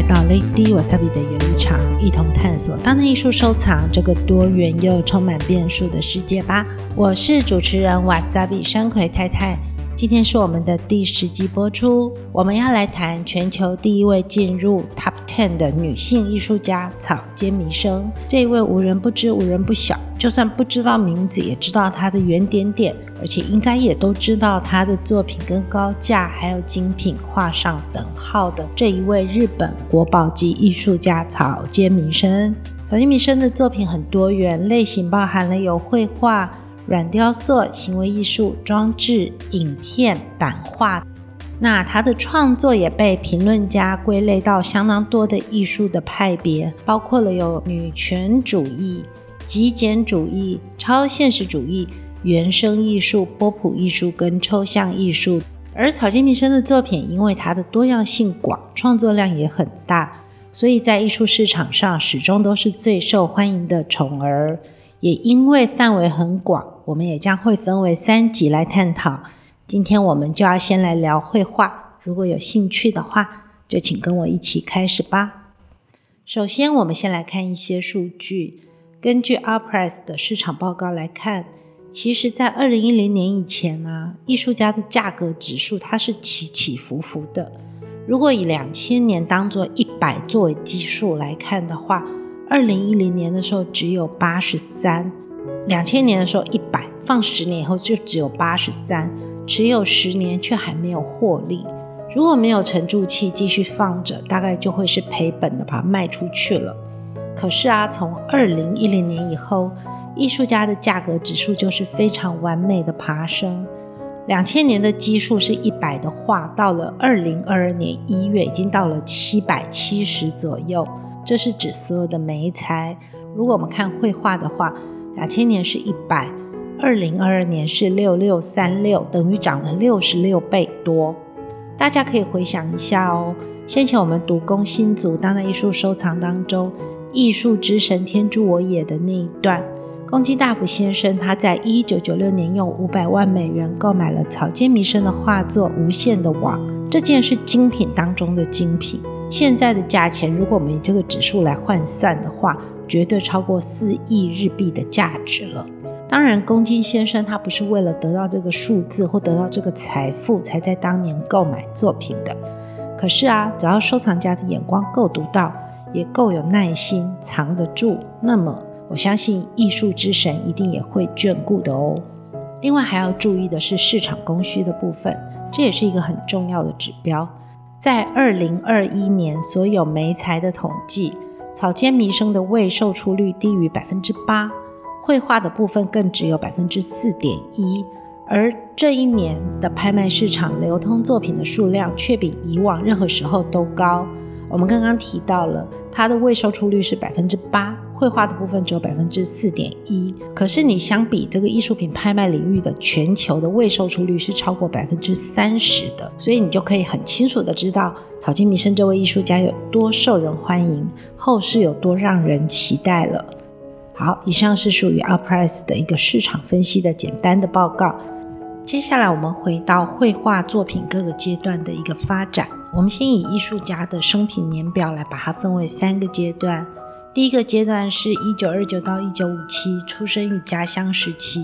來到 Lady Wasabi 的遊藝場，一同探索當代藝術收藏這個多元又充滿變數的世界吧。我是主持人 Wasabi 山葵太太。今天是我們的第十集播出，我們要來談全球第一位進入 Top Ten 的女性藝術家草間彌生。這一位無人不知、無人不曉，就算不知道名字，也知道她的圓點點，而且應該也都知道她的作品跟高價還有精品畫上等號的這一位日本國寶級藝術家草間彌生。草間彌生的作品很多元，類型包含了有繪畫。軟雕塑、行為藝術、裝置、影片、版畫，那他的創作也被評論家歸類到相當多的藝術的派別，包括了有女權主義、極簡主義、超現實主義、原生藝術、波普藝術跟抽象藝術。而草間彌生的作品，因為它的多樣性廣，創作量也很大，所以在藝術市場上始終都是最受歡迎的寵兒。也因為範圍很廣，我們也將會分為三集來探討。今天我們就要先來聊繪畫，如果有興趣的話，就請跟我一起開始吧。首先，我們先來看一些數據。根據 ART PRICE 的市場報告來看，其實，在二零一零年以前呢、啊，藝術家的價格指數它是起起伏伏的。如果以兩千年當做一百作為基數來看的話。二零一零年的時候只有八十三，兩千年的時候一百，放十年以後就只有八十三，持有十年卻還沒有獲利。如果沒有沉住氣繼續放着，大概就會是賠本的，把它賣出去了。可是啊，從二零一零年以後，藝術家的價格指數就是非常完美的爬升。兩千年的基數是一百的話，到了二零二二年一月，已經到了七百七十左右。這是指所有的媒材。如果我們看繪畫的話，兩千年是一百，二零二二年是六六三六，等於漲了六十六倍多。大家可以回想一下哦。先前我們讀工薪族當代藝術收藏當中，《藝術之神天助我也》的那一段，宮津大輔先生他在一九九六年用五百萬美元購買了草間彌生的畫作《無限的網》，這件是精品當中的精品。現在的價錢，如果我們以這個指數來換算的話，絕對超過四億日幣的價值了。當然，宮崎先生他不是為了得到這個數字或得到這個財富才在當年購買作品的。可是啊，只要收藏家的眼光夠獨到，也夠有耐心藏得住，那麼我相信藝術之神一定也會眷顧的哦。另外還要注意的是市場供需的部分，這也是一個很重要的指標。在二零二一年所有媒材的統計，草間彌生的未售出率低於百分之八，繪畫的部分更只有百分之四點一，而這一年的拍賣市場流通作品的數量卻比以往任何時候都高。我們剛剛提到了它的未售出率是百分之八。繪畫的部分只有百分之四點一，可是你相比這個藝術品拍賣領域的全球的未售出率是超過百分之三十的，所以你就可以很清楚的知道草間彌生這位藝術家有多受人歡迎，後世有多讓人期待了。好，以上是屬於 Artprice 的一個市場分析的簡單的報告。接下來我們回到繪畫作品各個階段的一個發展，我們先以藝術家的生平年表來把它分為三個階段。第一個階段是一九二九到一九五七，出生於家鄉時期；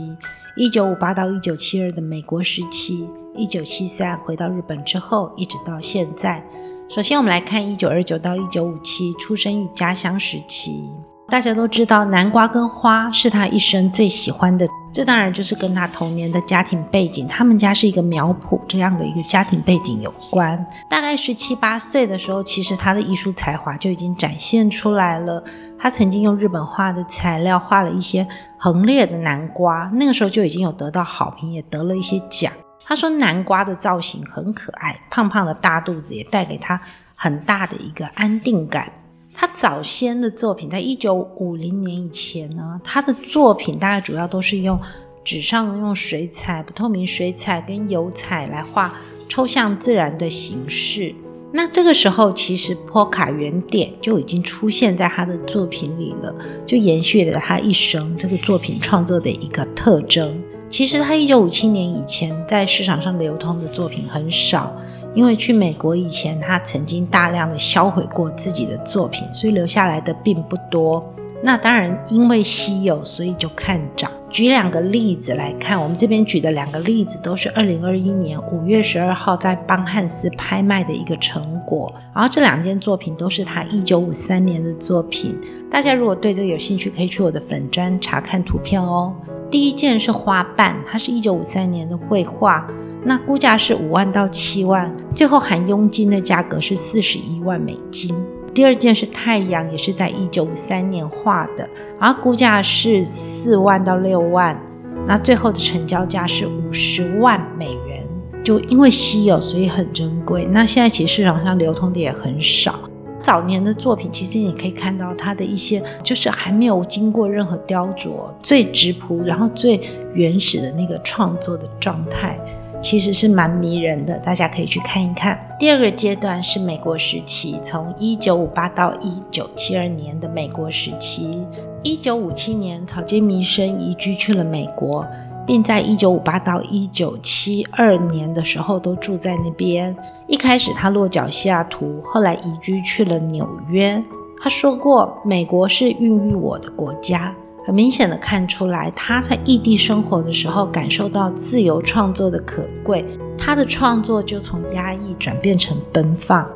一九五八到一九七二的美國時期；一九七三回到日本之後，一直到現在。首先，我們來看一九二九到一九五七，出生於家鄉時期。大家都知道，南瓜跟花是他一生最喜歡的。這當然就是跟他童年的家庭背景，他們家是一個苗圃這樣的一個家庭背景有關。大概十七八歲的時候，其實他的藝術才華就已經展現出來了。他曾經用日本畫的材料畫了一些橫列的南瓜，那個時候就已經有得到好評，也得了一些獎。他說南瓜的造型很可愛，胖胖的大肚子也帶給他很大的一個安定感。他早先的作品，在一九五零年以前呢，他的作品大概主要都是用紙上用水彩、不透明水彩跟油彩來畫抽象自然的形式。那這個時候，其實波卡圓點就已經出現在他的作品裡了，就延續了他一生這個作品創作的一個特徵。其實他一九五七年以前在市場上流通的作品很少。因為去美國以前，他曾經大量的銷毀過自己的作品，所以留下來的並不多。那當然，因為稀有，所以就看漲。舉兩個例子來看，我們這邊舉的兩個例子都是二零二一年五月十二號在邦漢斯拍賣的一個成果。然後這兩件作品都是他一九五三年的作品。大家如果對這個有興趣，可以去我的粉專查看圖片哦。第一件是花瓣，它是一九五三年的繪畫。那估價是五萬到七萬，最後含佣金的價格是四十一萬美金。第二件是太陽，也是在一九五三年畫的，而估價是四萬到六萬，那最後的成交價是五十萬美元。就因為稀有，所以很珍貴。那現在其實市場上流通的也很少。早年的作品，其實你可以看到它的一些，就是還沒有經過任何雕琢，最質樸，然後最原始的那個創作的狀態。其實是蠻迷人的，大家可以去看一看。第二個階段是美國時期，從1958到1972年的美國時期。1957年，草間彌生移居去了美國，並在1958到1972年的時候都住在那邊。一開始他落腳西雅圖，後來移居去了紐約。他說過：“美國是孕育我的國家。”很明顯的看出來，他在異地生活的時候，感受到自由創作的可貴。他的創作就從壓抑轉變成奔放。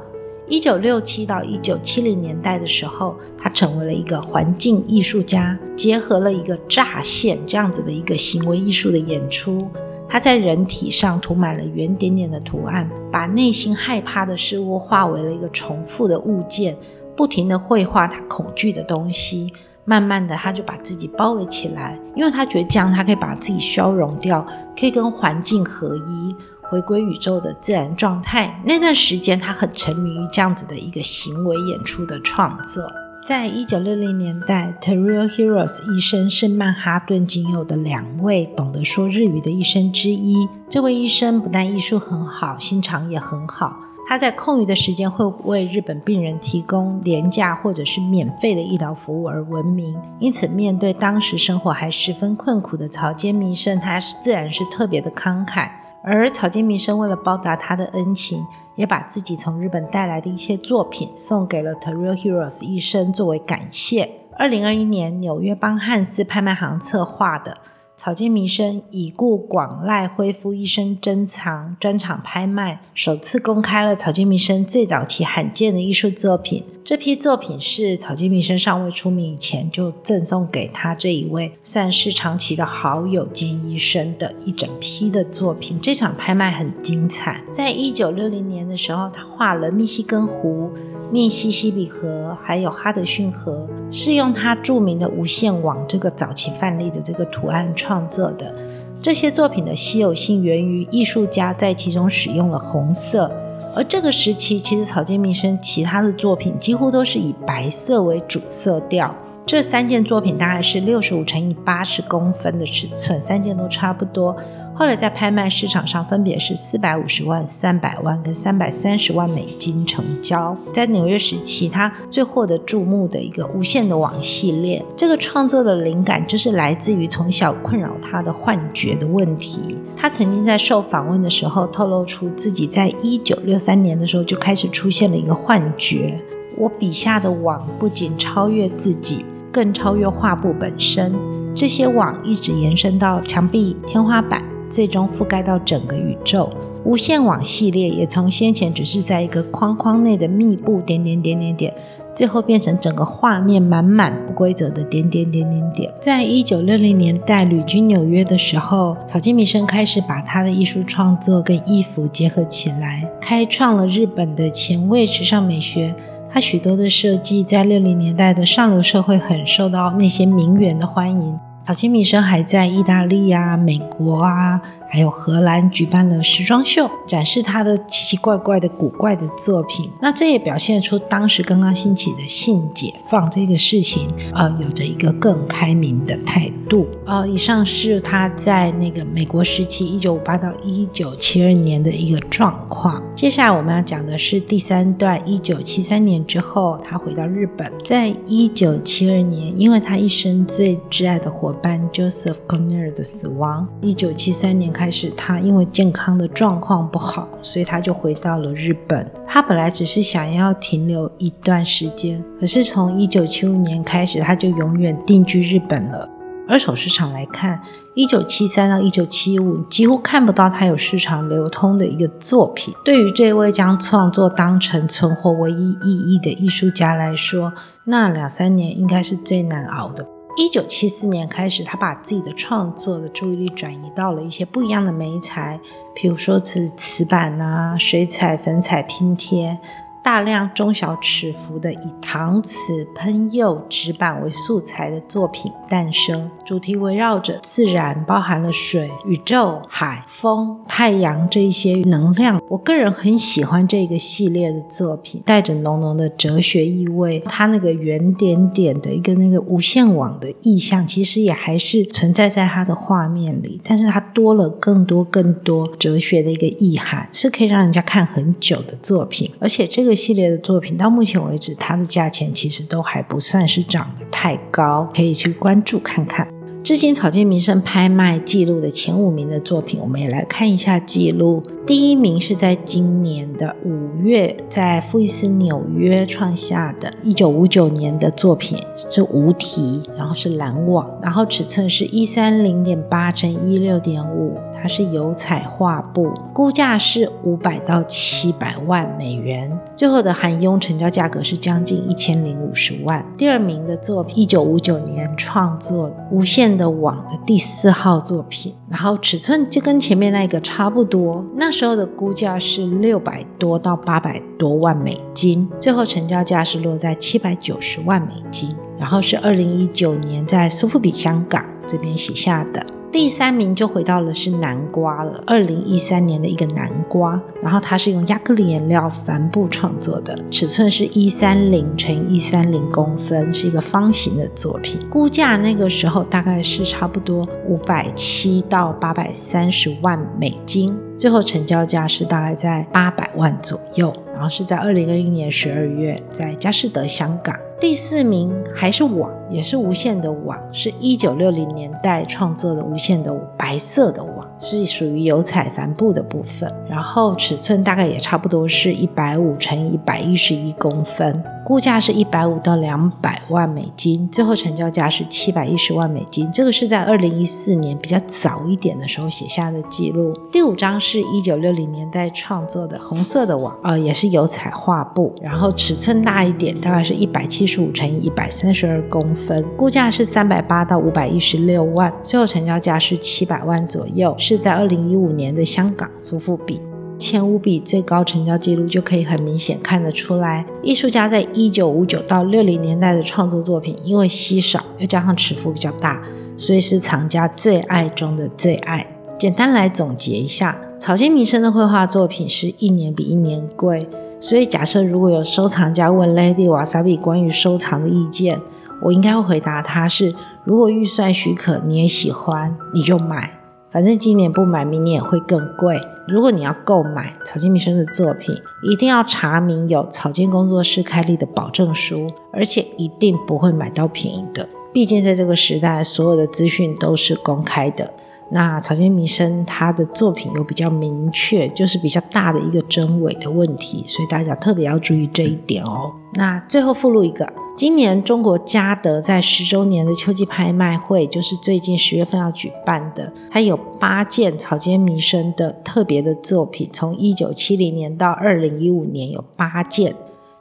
一九六七到一九七零年代的時候，他成為了一個環境藝術家，結合了一個乍現這樣子的一個行為藝術的演出。他在人體上塗滿了圓點點的圖案，把內心害怕的事物化為了一個重複的物件，不停地繪畫他恐懼的東西。慢慢的，他就把自己包圍起來，因為他覺得這樣，他可以把自己消融掉，可以跟環境合一，回歸宇宙的自然狀態。那段時間，他很沉迷於這樣子的一個行為演出的創作。在一九六零年代，Teruo Hirose 醫生是曼哈頓僅有的兩位懂得說日語的醫生之一。這位醫生不但醫術很好，心腸也很好。他在空餘的時間會為日本病人提供廉價或者是免費的醫療服務而聞名，因此面對當時生活還十分困苦的草間彌生，他自然是特別的慷慨。而草間彌生為了報答他的恩情，也把自己從日本帶來的一些作品送給了 Teruo Hirose 醫生作為感謝。二零二一年，紐約邦漢斯拍賣行策劃的。草間彌生已故廣瀨恢復醫生珍藏專場拍賣，首次公開了草間彌生最早期罕見的藝術作品。這批作品是草間彌生尚未出名以前就贈送給他這一位算是長期的好友兼醫生的一整批的作品。這場拍賣很精彩。在一九六零年的時候，他畫了密西根湖、密西西比河還有哈德遜河，是用他著名的無限網這個早期範例的這個圖案傳。創作的這些作品的稀有性源於藝術家在其中使用了紅色，而這個時期其實草間彌生其他的作品幾乎都是以白色為主色調。這三件作品大概是六十五乘以八十公分的尺寸，三件都差不多，後來在拍賣市場上，分別是四百五十萬、三百萬跟三百三十萬美金成交。在紐約時期，他最獲得注目的一個《無限的網》系列，這個創作的靈感就是來自於從小困擾他的幻覺的問題。他曾經在受訪問的時候透露出自己在一九六三年的時候就開始出現了一個幻覺。我筆下的網不僅超越自己，更超越畫布本身。這些網一直延伸到牆壁、天花板。最終覆蓋到整個宇宙。無限網系列也從先前只是在一個框框內的密布點點點點點，最後變成整個畫面滿滿不規則的點點點點點。在一九六零年代旅居紐約的時候，草間彌生開始把他的藝術創作跟衣服結合起來，開創了日本的前衛時尚美學。他許多的設計在六零年代的上流社會很受到那些名媛的歡迎。早期彌生還在意大利啊，美國啊，還有荷蘭舉辦了時裝秀，展示他的奇奇怪怪的古怪的作品。那這也表現出當時剛剛興起的性解放這個事情，呃，有着一個更開明的態度。啊、呃，以上是他在那個美國時期 （1958 到1972年）的一個狀況。接下來我們要講的是第三段：1973年之後，他回到日本。在1972年，因為他一生最摯愛的夥伴 Joseph Cornell 的死亡，1973年。開始，他因為健康的狀況不好，所以他就回到了日本。他本來只是想要停留一段時間，可是從1975年開始，他就永遠定居日本了。二手市場來看，1973到1975幾乎看不到他有市場流通的一個作品。對於這位將創作當成存活唯一意義的藝術家來說，那兩三年應該是最難熬的。一九七四年開始，他把自己的創作的注意力轉移到了一些不一樣的媒材，比如說是瓷板啊、水彩、粉彩拼貼。大量中小尺幅的以搪瓷、噴釉、紙板為素材的作品誕生，主題圍繞着自然，包含了水、宇宙、海、風、太陽這一些能量。我個人很喜歡這個系列的作品，帶着濃濃的哲學意味。它那個圓點點的一個那個無限網的意象，其實也還是存在在它的畫面裡，但是它多了更多更多哲學的一個意涵，是可以讓人家看很久的作品，而且這個。這個系列的作品到目前為止，它的價錢其實都還不算是漲得太高，可以去關注看看。之前草間彌生拍賣記錄的前五名的作品，我們也來看一下記錄。第一名是在今年的五月，在富藝斯紐約創下的，一九五九年的作品是《無題》，然後是藍網，然後尺寸是一三零點八乘一六點五。它是油彩畫布，估價是五百到七百萬美元，最後的含佣成交價格是將近一千零五十萬。第二名的作品，一九五九年創作《無限的網》的第四號作品，然後尺寸就跟前面那個差不多，那時候的估價是六百多到八百多萬美金，最後成交價是落在七百九十萬美金。然後是二零一九年在蘇富比香港這邊寫下的。第三名就回到了是南瓜了，二零一三年的一個南瓜，然後它是用亞克力顏料帆布創作的，尺寸是一三零乘一三零公分，是一個方形的作品，估價那個時候大概是差不多五百七到八百三十萬美金。最後成交價是大概在八百萬左右，然後是在二零二一年十二月，在佳士得香港。第四名還是網，也是無限的網，是一九六零年代創作的無限的白色的網，是屬於油彩帆布的部分，然後尺寸大概也差不多是一百五乘一百一十一公分。估價是一百五到兩百萬美金，最後成交價是七百一十萬美金，這個是在二零一四年比較早一點的時候寫下的記錄。第五張是一九六零年代創作的紅色的網，呃，也是油彩畫布，然後尺寸大一點，大概是一百七十五乘以一百三十二公分，估價是三百八到五百一十六萬，最後成交價是七百萬左右，是在二零一五年的香港蘇富比。前五筆最高成交記錄，就可以很明顯看得出來，藝術家在一九五九到六零年代的創作作品，因為稀少又加上尺幅比較大，所以是藏家最愛中的最愛。簡單來總結一下，草間彌生的繪畫作品是一年比一年貴。所以假設如果有收藏家問 Lady Wasabi 關於收藏的意見，我應該會回答他是：如果預算許可，你也喜歡，你就買，反正今年不買，明年也會更貴。如果你要購買草間彌生的作品，一定要查明有草間工作室開立的保證書，而且一定不會買到便宜的。畢竟在這個時代，所有的資訊都是公開的。那草間彌生他的作品有比較明確，就是比較大的一個真偽的問題，所以大家特別要注意這一點哦。那最後附錄一個，今年中國嘉德在十周年的秋季拍賣會，就是最近十月份要舉辦的，它有八件草間彌生的特別的作品，從一九七零年到二零一五年有八件，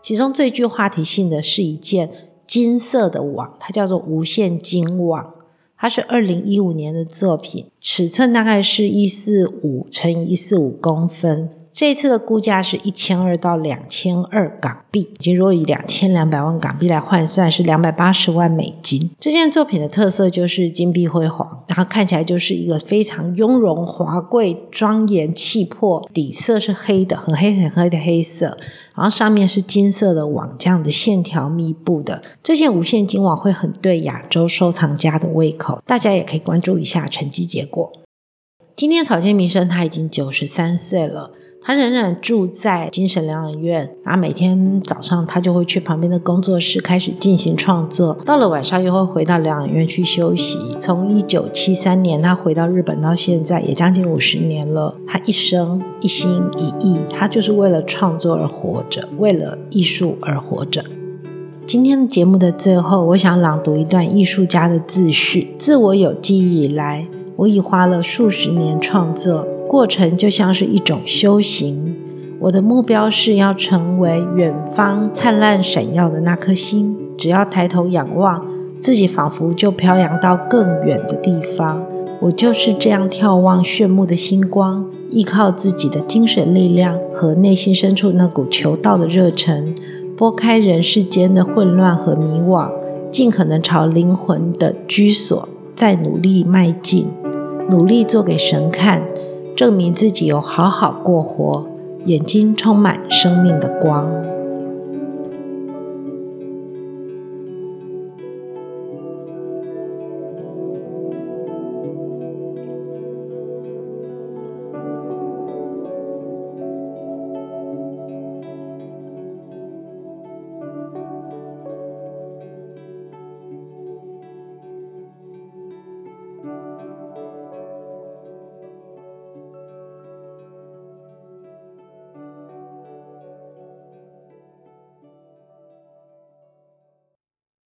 其中最具話題性的是一件金色的網，它叫做無限金網。它是二零一五年的作品，尺寸大概是一四五乘以一四五公分。這一次的估價是一千二到兩千二港幣，即如果以兩千兩百萬港幣來換算，是兩百八十萬美金。這件作品的特色就是金碧輝煌，然後看起來就是一個非常雍容華貴、莊嚴氣魄。底色是黑的，很黑很黑的黑色，然後上面是金色的網，這樣的線條密佈的。這件無限金網會很對亞洲收藏家的胃口。大家也可以關注一下成績結果。今天草間彌生他已經九十三歲了。他仍然住在精神療養院，然後每天早上他就會去旁邊的工作室開始進行創作，到了晚上又會回到療養院去休息。從一九七三年他回到日本到現在，也將近五十年了。他一生一心一意，他就是為了創作而活着，為了藝術而活着。今天的節目的最後，我想朗讀一段藝術家的自序：自我有記憶以來，我已花了數十年創作。過程就像是一種修行。我的目標是要成為遠方燦爛閃耀的那顆星。只要抬頭仰望，自己仿佛就飄揚到更遠的地方。我就是這樣眺望炫目的星光，依靠自己的精神力量和內心深處那股求道的熱忱，撥開人世間的混亂和迷惘，盡可能朝靈魂的居所再努力邁進，努力做給神看。證明自己有好好過活，眼睛充滿生命的光。